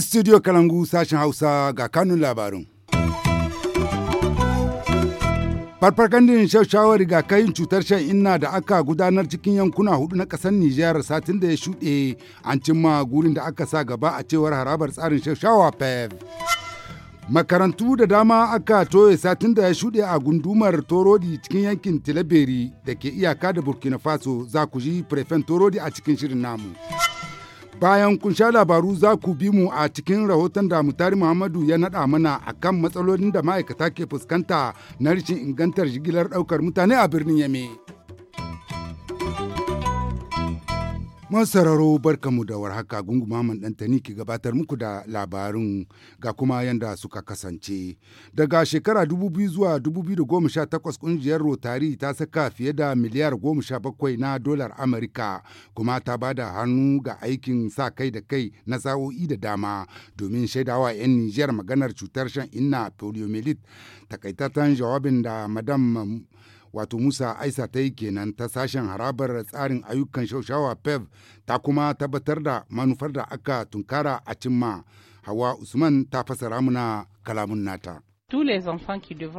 studio Kalangu. sashen Hausa ga kanun labarin. farfarkandin ga rigakafin cutar shan inna da aka gudanar cikin yankuna hudu na kasar Nijar satin da ya shuɗe an cimma gurin da aka sa gaba a cewar harabar tsarin shaushawa PEV. Makarantu da dama aka toye satin da ya shuɗe a gundumar Torodi cikin yankin Tilaberi da ke iyaka da Burkina Faso za ku ji prefen Torodi a cikin shirin namu. Bayan kun sha labaru za ku bi mu a cikin rahoton da Mutari Muhammadu ya naɗa mana a kan matsalolin da ma'aikata ke fuskanta na rashin ingantar jigilar ɗaukar mutane a birnin Yame. masararo barkamu da warhaka gunguma man dantani ki gabatar muku da labarin ga kuma yadda suka kasance daga shekara 2000 zuwa 2018 kungiyar rotari ta saka fiye da miliyar 17 na dolar amurka kuma ta ba da hannu ga aikin sa kai da kai na sa'o'i da dama domin shaidawa 'yan nijiyar maganar cutar shan inna poliomyelitis takaitatan jawabin da madam wato musa aisa ta yi kenan ta sashen harabar tsarin ayyukan shaushawa pev ta kuma tabbatar da manufar da aka tunkara a cimma hawa usman ta fasa muna kalamun nata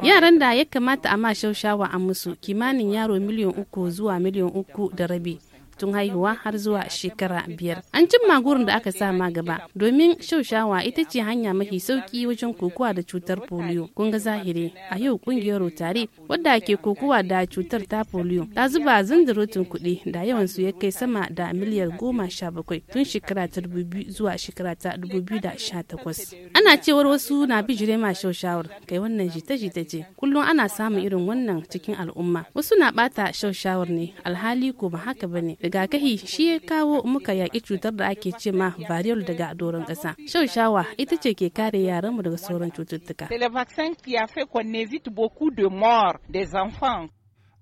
Yaran da ya kamata a ma shaushawa a musu kimanin yaro miliyan uku zuwa miliyan uku da rabi tun haihuwa har zuwa shekara biyar an cin gurin da aka sa ma gaba domin shaushawa ita ce hanya mafi sauki wajen kokowa da cutar polio kun ga zahiri a yau kungiyar rotare wadda ke kokowa da cutar ta polio ta zuba zindirotin kuɗi da yawan su ya kai sama da miliyar goma sha bakwai tun shekara ta dubu biyu zuwa shekara ta dubu biyu da sha takwas ana cewar wasu na bijire ma shaushawar kai wannan jita-jita ce kullum ana samun irin wannan cikin al'umma wasu na bata shaushawar ne alhali ko ba haka bane kahi shi ya kawo muka yaƙi cutar da ake ce ma variol daga doron ƙasa shaushawa ita ce ke kare yaranmu daga sauran cututtuka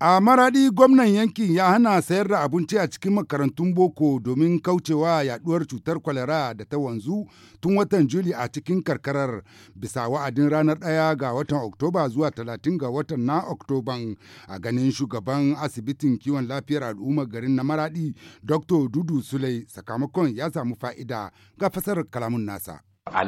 A maraɗi gwamnan yankin ya hana sayar da abinci a cikin makarantun boko domin kaucewa yaduwar cutar kwalara da ta wanzu tun watan Juli a cikin karkarar bisa wa'adin ranar ɗaya ga watan Oktoba zuwa talatin ga watan na Oktoban a ganin shugaban asibitin kiwon lafiyar al'ummar garin na maraɗi Dr. Dudu Sulai sakamakon ya samu fa'ida ga fasar kalamun nasa. A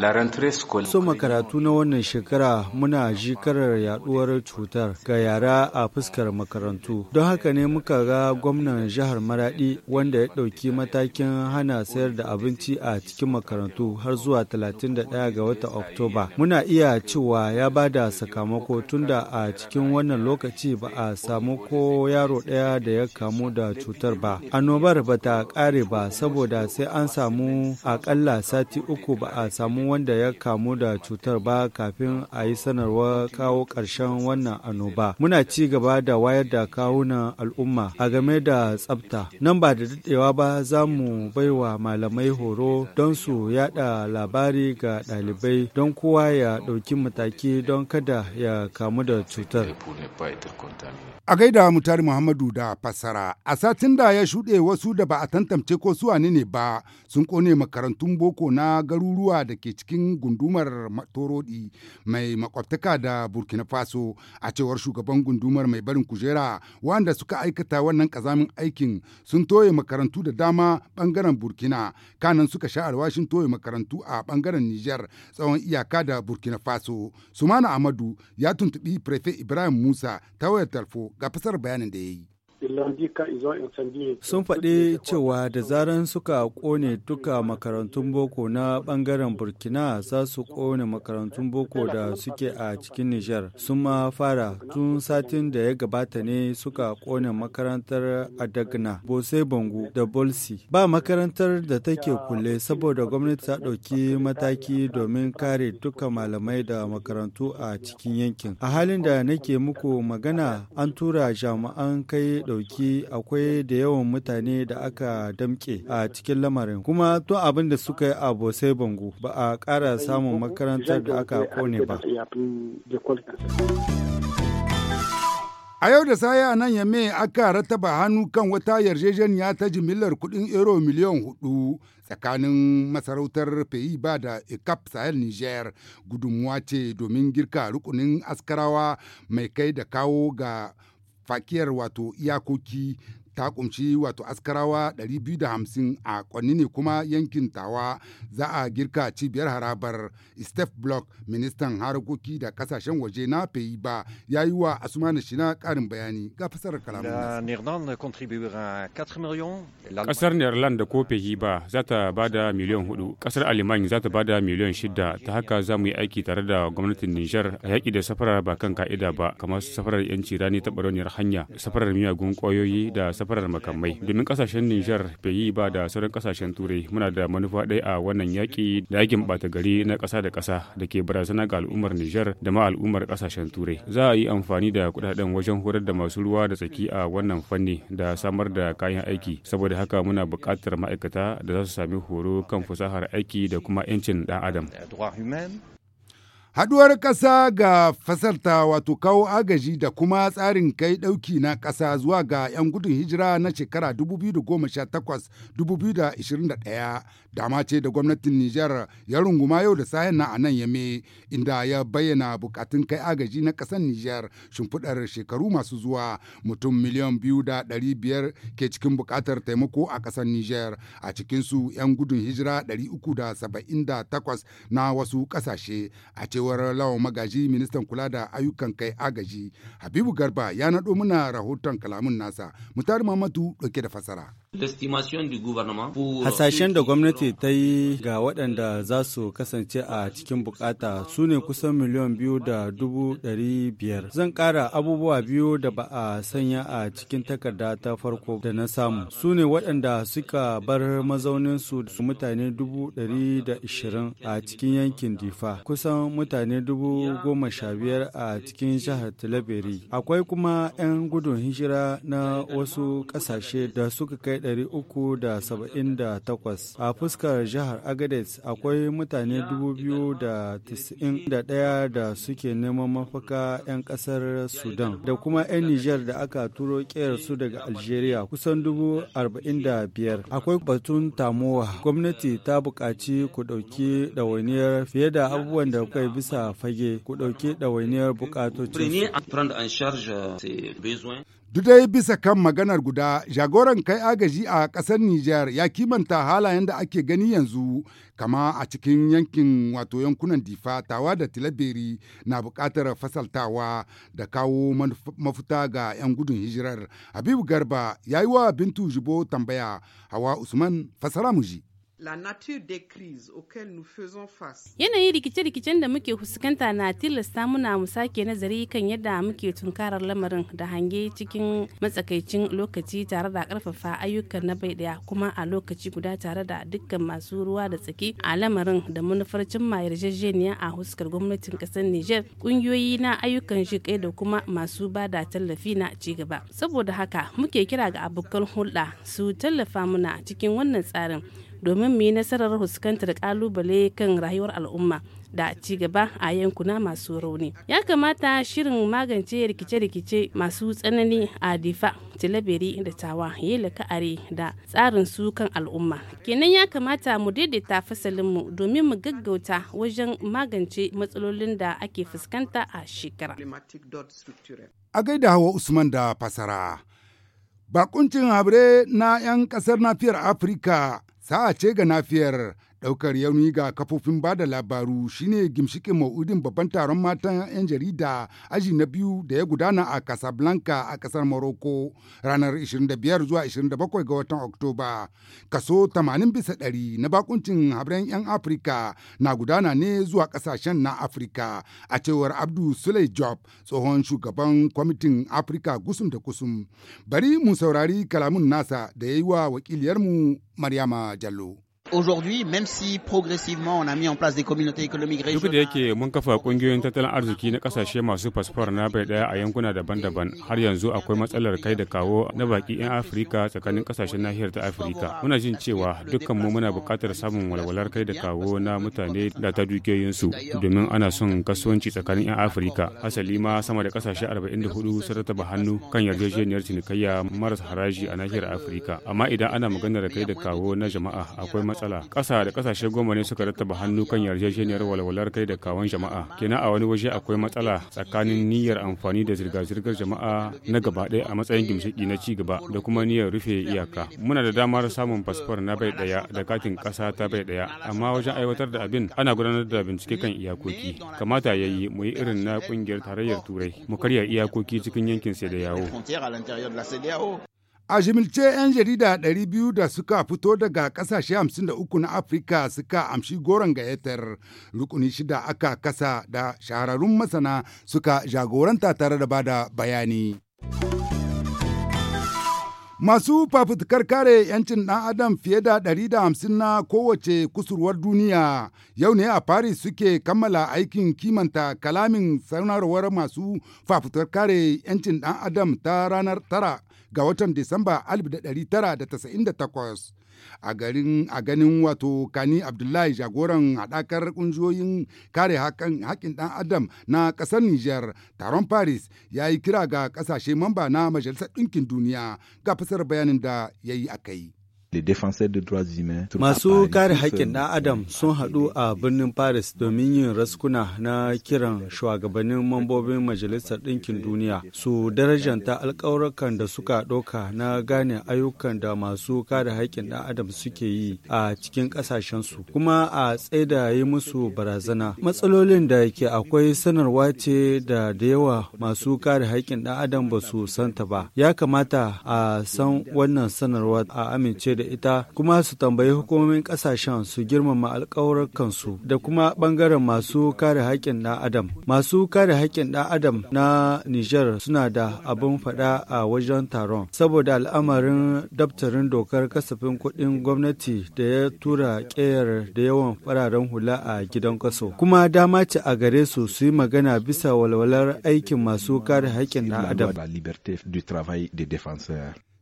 Soma karatu na wannan shekara muna jikarar yaduwar cutar ga yara a fuskar makarantu. Don haka ne muka ga gwamnan jihar Maradi wanda ya ɗauki matakin hana sayar da abinci a cikin makarantu har zuwa 31 ga watan Oktoba. Muna iya cewa ya ba da sakamako tunda a cikin wannan lokaci ba a samu ko yaro ɗaya da ya kamu da cutar ba. Annobar ba ta ƙare ba saboda sai an samu aƙalla sati uku ba a samu wanda ya kamu da cutar ba kafin a yi sanarwar kawo ƙarshen wannan annoba. Muna ci gaba da wayar da kawunan al'umma a game da tsabta Nan ba da daɗewa ba za mu baiwa malamai horo don su yada labari ga ɗalibai don kowa ya ɗauki mataki don kada ya kamu da cutar. A gaida mutari Muhammadu da fassara, a satin da ya shuɗe wasu da ba a tantance ko su ne ba sun kone makarantun boko na garuruwa da da ke cikin gundumar torodi mai makwabtaka da burkina faso a cewar shugaban gundumar mai barin kujera wanda suka aikata wannan kazamin aikin sun toye makarantu da dama bangaren burkina kanan suka sha alwashin toye makarantu a bangaren niger tsawon iyaka da burkina faso sumana amadu ya tuntubi prefe ibrahim musa ta wayar talfo ga fasar bayanin da ya yi Sun faɗi cewa da zaran suka ƙone duka makarantun boko na ɓangaren Burkina za su ƙone makarantun boko da suke a cikin Nijar. Sun ma fara tun satin da ya gabata ne suka ƙone makarantar Adagna, Bose Bangu da Bolsi. Ba makarantar da take kulle saboda gwamnati ta ɗauki mataki domin kare duka malamai da makarantu a cikin yankin. A halin da nake muku magana an tura jami'an kai da dauki akwai da yawan mutane da aka damƙe a cikin lamarin kuma tun abin da suka yi a bosai bango ba a ƙara samun makarantar da aka kone ba A yau da saya a nan Yame aka rataba hannu kan wata yarjejeniya ta jimillar kudin euro miliyan hudu tsakanin masarautar ba da ECAP Sahel Niger gudunmuwa ce domin girka rukunin askarawa mai kai da kawo ga fakiyar wato iyakoki ta kunshi wato askarawa 250 a kwanni kuma yankin tawa za a girka cibiyar harabar steph block ministan harkoki da kasashen waje na fayi ba ya yi wa asumani shina karin bayani ga fasar kalamun kasar netherlands da ko fayi ba za ta ba da miliyan hudu kasar alemany za ta ba da miliyan shida ta haka za mu yi aiki tare da gwamnatin niger a yaƙi da safarar ba kan ka'ida ba kamar safarar yanci rani ta baroniyar hanya safarar miyagun ƙwayoyi da safarar makamai domin kasashen Nijar bai yi ba da sauran kasashen Turai muna da manufa ɗaya a wannan yaƙi da yakin ɓata gari na ƙasa da ƙasa da ke barazana ga al'ummar Nijar da ma al'ummar kasashen Turai. Za a yi amfani da kuɗaɗen wajen horar da masu ruwa da tsaki a wannan fanni da samar da kayan aiki saboda haka muna buƙatar ma'aikata da za su sami horo kan fasahar aiki da kuma 'yancin ɗan adam. Haduwar ƙasa ga fasalta wato kawo agaji da kuma tsarin kai ɗauki na ƙasa zuwa ga 'yan gudun hijira na shekara 2018-2021 dama ce da gwamnatin Nijar ya runguma yau da sayan na a yame inda ya bayyana bukatun kai agaji na ƙasar Nijar shimfiɗar shekaru masu zuwa mutum miliyan biyu da ɗari biyar ke cikin buƙatar taimako a ƙasar Nijar a cikinsu 'yan gudun hijira 378 na wasu ƙasashe a ce. cewar lawan magaji ministan kula da ayyukan kai agaji habibu garba ya naɗo muna rahoton kalamun nasa mutari mamatu ɗauke da fasara Euh, Hasashen da gwamnati ta yi ga waɗanda za su kasance a cikin bukata su ne kusan miliyan biyu da dubu ɗari biyar. Zan ƙara abubuwa biyu da ba a sanya a cikin takarda ta farko da na samu. Su ne waɗanda suka bar mazaunin su mutane dubu ɗari da ishirin a cikin yankin Difa, kusan mutane dubu goma sha biyar a cikin jihar Talabiri. Akwai kuma 'yan gudun hijira na wasu ƙasashe da suka kai 378 a fuskar jihar agadez akwai mutane 291 da suke neman mafaka 'yan kasar sudan da kuma 'yan niger da aka turo su daga algeria kusan 45 akwai batun tamowa gwamnati ta buƙaci ku ɗauki ɗawainiyar fiye da abubuwan da kai bisa fage ku ɗauki ɗawainiyar bukatocin dai bisa kan maganar guda, jagoran kai agaji a ƙasar Nijar ya kimanta halayen da ake gani yanzu, kama a cikin yankin wato yankunan Difa, Tawa da Tilaberi na buƙatar fasaltawa da kawo mafuta ga 'yan gudun hijirar. Habibu Garba ya yi wa Bintu Jibo tambaya, Hawa Usman fasara muji. La nature des crises auxquelles nous faisons face. Yanayin rikice-rikicen da muke fuskanta na tilasta muna mu sake nazari kan yadda muke tunkarar lamarin da hange cikin matsakaicin lokaci tare da karfafa ayyukan na bai daya kuma a lokaci guda tare da dukkan masu ruwa da tsaki a lamarin da manufar cimma yarjejeniya a huskar gwamnatin kasar Niger kungiyoyi na ayyukan kai da kuma masu ba da tallafi na ci gaba Saboda haka muke kira ga abokan hulɗa su tallafa muna cikin wannan tsarin domin mu yi nasarar fuskantar kalubale kan rayuwar al'umma da ci gaba a yankuna masu rauni ya kamata shirin magance rikice-rikice masu tsanani a difa tilaberi da tawa ya la'akari da tsarin su kan al'umma kenan ya kamata mu daidaita fasalin mu domin mu gaggauta wajen magance matsalolin da ake fuskanta a shekara a gaida hawa usman da fasara bakuncin habre na 'yan kasar nafiyar afirka sa'a ce ga nafiyar daukar yauni ga kafofin ba da labaru shine gimshikin ma'udin babban taron matan 'yan jarida aji na biyu da ya gudana a Casablanca a kasar Morocco ranar 25 zuwa 27 ga watan Oktoba. Kaso 80 bisa na bakuncin habren 'yan Afirka na gudana ne zuwa kasashen na Afirka a cewar Abdu Sule Job tsohon shugaban kwamitin Afirka gusum da kusum. Bari mu saurari kalamun nasa da ya yi wa wakiliyarmu Maryama Jallo. Aujourd'hui, même si progressivement on a mis en place des communautés économiques régionales. Duk da yake mun kafa kungiyoyin tattalin arziki na kasashe masu fasfor na bai daya a yankuna daban-daban har yanzu akwai matsalar kai da kawo na baki 'yan afirika tsakanin kasashen nahiyar ta afirika. Muna jin cewa dukkan mu muna buƙatar samun walwalar kai da kawo na mutane da ta dukiyoyinsu domin ana son kasuwanci tsakanin 'yan afirika Asali ma sama da kasashe 44 sun rataba hannu kan yarjejeniyar cinikayya maras haraji a nahiyar afirika Amma idan ana maganar kai da kawo na jama'a akwai matsala ƙasa da ƙasashe goma ne suka rattaba hannu kan yarjejeniyar walwalar kai da kawon jama'a kenan a wani waje akwai matsala tsakanin niyyar amfani da zirga-zirgar jama'a na gaba ɗaya a matsayin gimshiƙi na ci gaba da kuma niyyar rufe iyaka muna da damar samun fasfor na bai ɗaya da katin ƙasa ta bai ɗaya amma wajen aiwatar da abin ana gudanar da bincike kan iyakoki kamata ya yi mu yi irin na ƙungiyar tarayyar turai mu karya iyakoki cikin yankin sai da yawo A jimilce 'yan jarida ɗari biyu da suka fito daga ƙasashe hamsin da uku na Afirka suka amshi goron gayyatar rukuni shida aka kasa da shahararrun masana suka jagoranta tare da bada bayani. Masu fafutukar kare 'yancin ɗan adam fiye da 150 na kowace kusurwar duniya yau ne a Paris suke kammala aikin kimanta kalamin sanarwar masu fafutukar kare 'yancin ɗan adam ta ranar 9 ga watan Disamba 1998. a ganin wato kani abdullahi jagoran haɗakar ƙungiyoyin kare haƙƙin ɗan adam na ƙasar niger taron paris ya yi kira ga ƙasashe mamba na majalisar ɗinkin duniya ga fasar bayanin da ya yi a kai Masu kare haƙƙin ɗan Adam sun haɗu a birnin Paris domin yin raskuna na kiran shugabannin mambobin Majalisar Ɗinkin Duniya su darajanta alƙawurkan da suka ɗauka na gane ayyukan da masu kare haƙƙin ɗan Adam suke yi a cikin ƙasashensu kuma a tsaida yi musu barazana. Matsalolin da ke akwai sanarwa ce da da yawa masu kare haƙƙin ɗan Adam ba su santa ba. Ya kamata a san wannan sanarwa a amince da ita kuma su tambayi hukumomin ƙasashen su girmama alkawarkansu da kuma ɓangaren masu kare haƙƙin ɗan adam. Masu kare haƙƙin ɗan adam na niger suna da abin faɗa a wajen taron saboda al'amarin daftarin dokar kasafin kuɗin gwamnati da ya tura ƙeyar da yawan fararen hula a gidan kaso. Kuma dama ce a gare su su yi magana bisa walwalar aikin masu kare haƙƙin ɗan adam.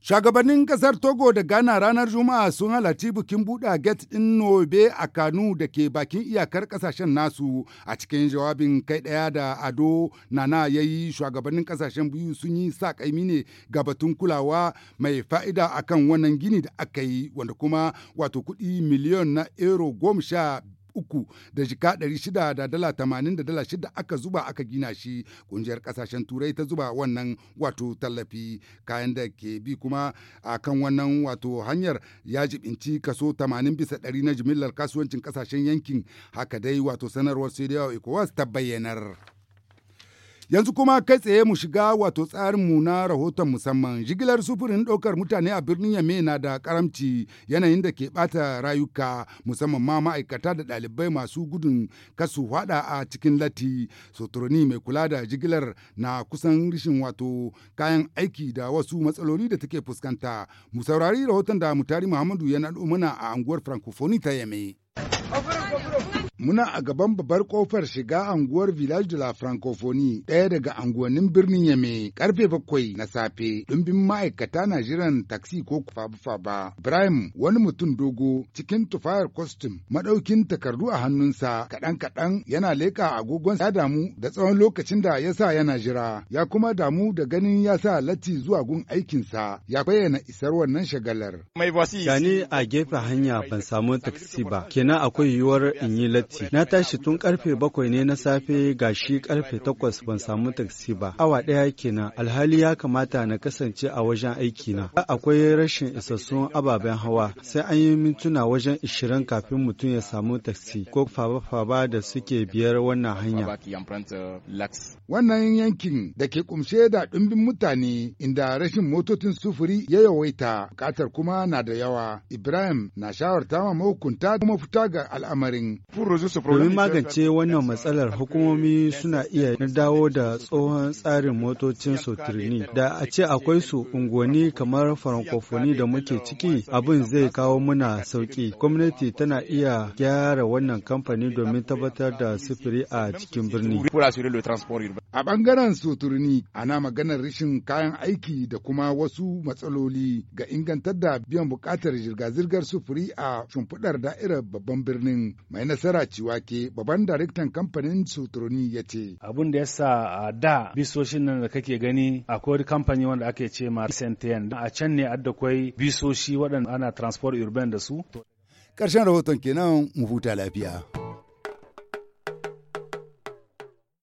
Shagabannin kasar Togo da Ghana ranar Juma'a sun halarci bikin buɗe gate ɗin Nobe a Kanu da ke bakin iyakar ƙasashen nasu a cikin jawabin kai ɗaya da Ado Nana ya yi shugabannin ƙasashen biyu sun yi sa ƙaimi ne ga batun kulawa mai fa'ida akan wannan gini da aka yi wanda kuma wato kuɗi miliyon na euro goma sha uku da jika ɗari shida da dala tamanin da dala shida aka zuba aka gina shi ƙungiyar ƙasashen turai ta zuba wannan wato tallafi kayan da ke bi kuma a kan wannan wato hanyar ya jibinci kaso tamanin bisa ɗari na jimillar kasuwancin ƙasashen yankin haka dai wato sanarwar sai da ecowas ta bayyanar. Yanzu kuma kai tsaye mu shiga wato tsarinmu na rahoton musamman. Jigilar sufurin ɗaukar mutane a birnin Yame na da karamci yanayin da ke ɓata rayuka musamman ma ma'aikata da ɗalibai masu gudun kasu hada a cikin lati. Sotroni mai kula da jigilar na kusan rishin wato kayan aiki da wasu matsaloli da take fuskanta. Mu saurari rahoton da Mutari Muhammadu ya naɗo mana a anguwar Francophonie ta Yame. muna a gaban babbar kofar shiga anguwar Village de la Francophonie ɗaya daga anguwannin birnin Yame karfe bakwai na safe ɗumbin ma'aikata na jiran taksi ko faba ba. Ibrahim wani mutum dogo cikin tufayar kwastum maɗaukin takardu a hannunsa kaɗan-kaɗan yana leƙa agogon ya damu da tsawon lokacin da ya sa yana jira ya kuma damu da ganin ya sa latti zuwa gun aikinsa ya bayyana isar wannan shagalar. Gani a gefe hanya ban samu taksi ba kenan akwai yiwuwar in yi lati Na tashi tun karfe bakwai ne na safe ga shi karfe takwas ban samu taksi ba. Awa ɗaya kenan alhali ya kamata na kasance a wajen aiki na Akwai rashin isassun ababen hawa sai an yi mintuna wajen ishirin kafin mutum ya samu taksi ko faba-faba da suke biyar wannan hanya. Wannan yankin da ke kumshe da ɗumbin mutane inda rashin motocin sufuri ya yawaita bukatar kuma na da yawa. Ibrahim na shawarta ma mahukunta kuma fita ga al'amarin. Domin magance wannan matsalar hukumomi suna iya dawo da tsohon tsarin motocin sotirini da a ce akwai su unguwanni kamar farankofoni da muke ciki abin zai kawo muna sauki. Gwamnati tana iya gyara wannan kamfani domin tabbatar da sufuri a cikin birni. A bangaren sotirini ana maganar rashin kayan aiki da kuma wasu matsaloli ga ingantar da biyan bukatar zirga-zirgar sufuri a shimfiɗar da'irar babban birnin mai nasara Isa wake babban daraktan kamfanin Sutroni ya ce. Abin da sa a da bisoshin nan da kake gani akwai kamfani wanda ake ce ma Sentien a can ne adda kwai bisoshi waɗanda ana transport urban da su. Ƙarshen rahoton kenan mu huta lafiya.